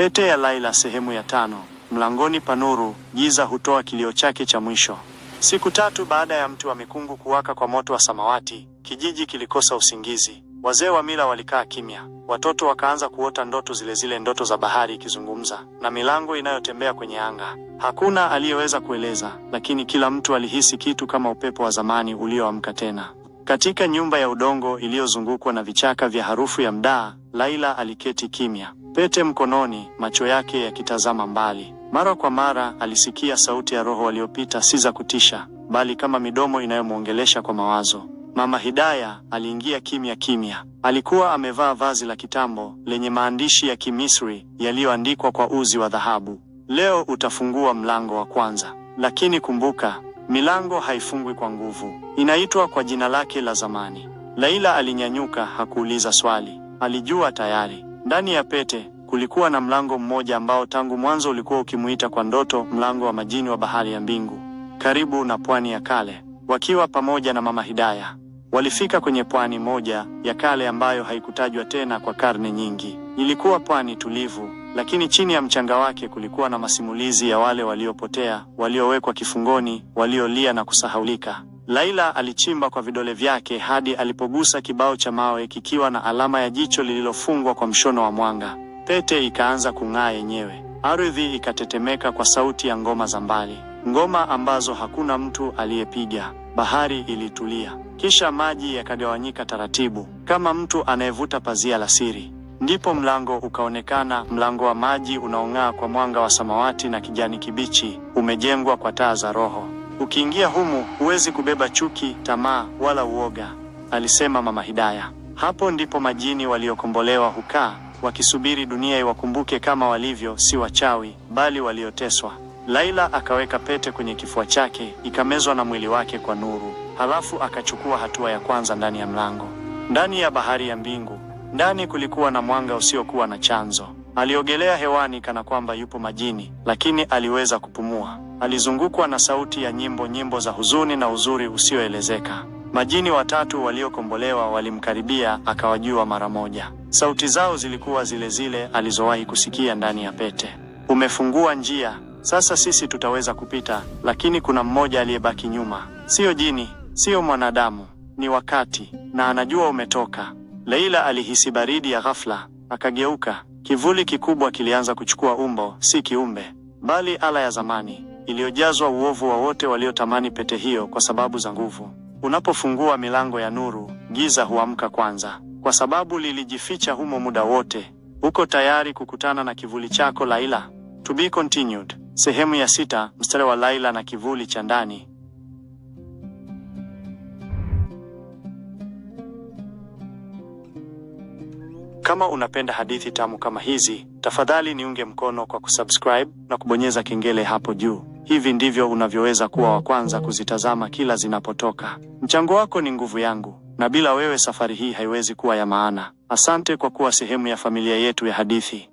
Pete ya Laila sehemu ya tano. Mlangoni pa nuru, giza hutoa kilio chake cha mwisho. Siku tatu baada ya mti wa mikungu kuwaka kwa moto wa samawati, kijiji kilikosa usingizi. Wazee wa mila walikaa kimya, watoto wakaanza kuota ndoto zile zile, ndoto za bahari ikizungumza na milango inayotembea kwenye anga. Hakuna aliyeweza kueleza, lakini kila mtu alihisi kitu kama upepo wa zamani ulioamka tena. Katika nyumba ya udongo iliyozungukwa na vichaka vya harufu ya mdaa, Laila aliketi kimya, pete mkononi, macho yake yakitazama mbali. Mara kwa mara alisikia sauti ya roho waliopita, si za kutisha, bali kama midomo inayomwongelesha kwa mawazo. Mama Hidaya aliingia kimya kimya. Alikuwa amevaa vazi la kitambo lenye maandishi ya Kimisri yaliyoandikwa kwa uzi wa dhahabu. Leo utafungua mlango wa kwanza, lakini kumbuka, milango haifungwi kwa nguvu, inaitwa kwa jina lake la zamani. Laila alinyanyuka, hakuuliza swali alijua tayari. Ndani ya pete kulikuwa na mlango mmoja ambao tangu mwanzo ulikuwa ukimuita kwa ndoto mlango wa majini wa bahari ya mbingu. Karibu na pwani ya kale, wakiwa pamoja na mama Hidaya walifika kwenye pwani moja ya kale ambayo haikutajwa tena kwa karne nyingi. Ilikuwa pwani tulivu, lakini chini ya mchanga wake kulikuwa na masimulizi ya wale waliopotea, waliowekwa kifungoni, waliolia na kusahaulika. Laila alichimba kwa vidole vyake hadi alipogusa kibao cha mawe kikiwa na alama ya jicho lililofungwa kwa mshono wa mwanga. Pete ikaanza kung'aa yenyewe. Ardhi ikatetemeka kwa sauti ya ngoma za mbali, ngoma ambazo hakuna mtu aliyepiga. Bahari ilitulia, kisha maji yakagawanyika taratibu, kama mtu anayevuta pazia la siri. Ndipo mlango ukaonekana, mlango wa maji unaong'aa kwa mwanga wa samawati na kijani kibichi, umejengwa kwa taa za roho. Ukiingia humu huwezi kubeba chuki, tamaa wala uoga, alisema Mama Hidaya. Hapo ndipo majini waliokombolewa hukaa wakisubiri dunia iwakumbuke kama walivyo, si wachawi bali walioteswa. Laila akaweka pete kwenye kifua chake, ikamezwa na mwili wake kwa nuru. Halafu akachukua hatua ya kwanza ndani ya mlango, ndani ya bahari ya mbingu. Ndani kulikuwa na mwanga usiokuwa na chanzo. Aliogelea hewani kana kwamba yupo majini, lakini aliweza kupumua. Alizungukwa na sauti ya nyimbo, nyimbo za huzuni na uzuri usioelezeka. Majini watatu waliokombolewa walimkaribia, akawajua mara moja. Sauti zao zilikuwa zile zile alizowahi kusikia ndani ya pete. Umefungua njia, sasa sisi tutaweza kupita, lakini kuna mmoja aliyebaki nyuma. Siyo jini, siyo mwanadamu, ni wakati, na anajua umetoka. Leila alihisi baridi ya ghafla, akageuka. Kivuli kikubwa kilianza kuchukua umbo, si kiumbe, bali ala ya zamani iliyojazwa uovu wa wote waliotamani pete hiyo kwa sababu za nguvu. Unapofungua milango ya nuru, giza huamka kwanza, kwa sababu lilijificha humo muda wote. Uko tayari kukutana na kivuli chako Laila? To be continued. Sehemu ya sita, mstari wa Laila na kivuli cha ndani. Kama unapenda hadithi tamu kama hizi, tafadhali niunge mkono kwa kusubscribe na kubonyeza kengele hapo juu. Hivi ndivyo unavyoweza kuwa wa kwanza kuzitazama kila zinapotoka. Mchango wako ni nguvu yangu, na bila wewe safari hii haiwezi kuwa ya maana. Asante kwa kuwa sehemu ya familia yetu ya hadithi.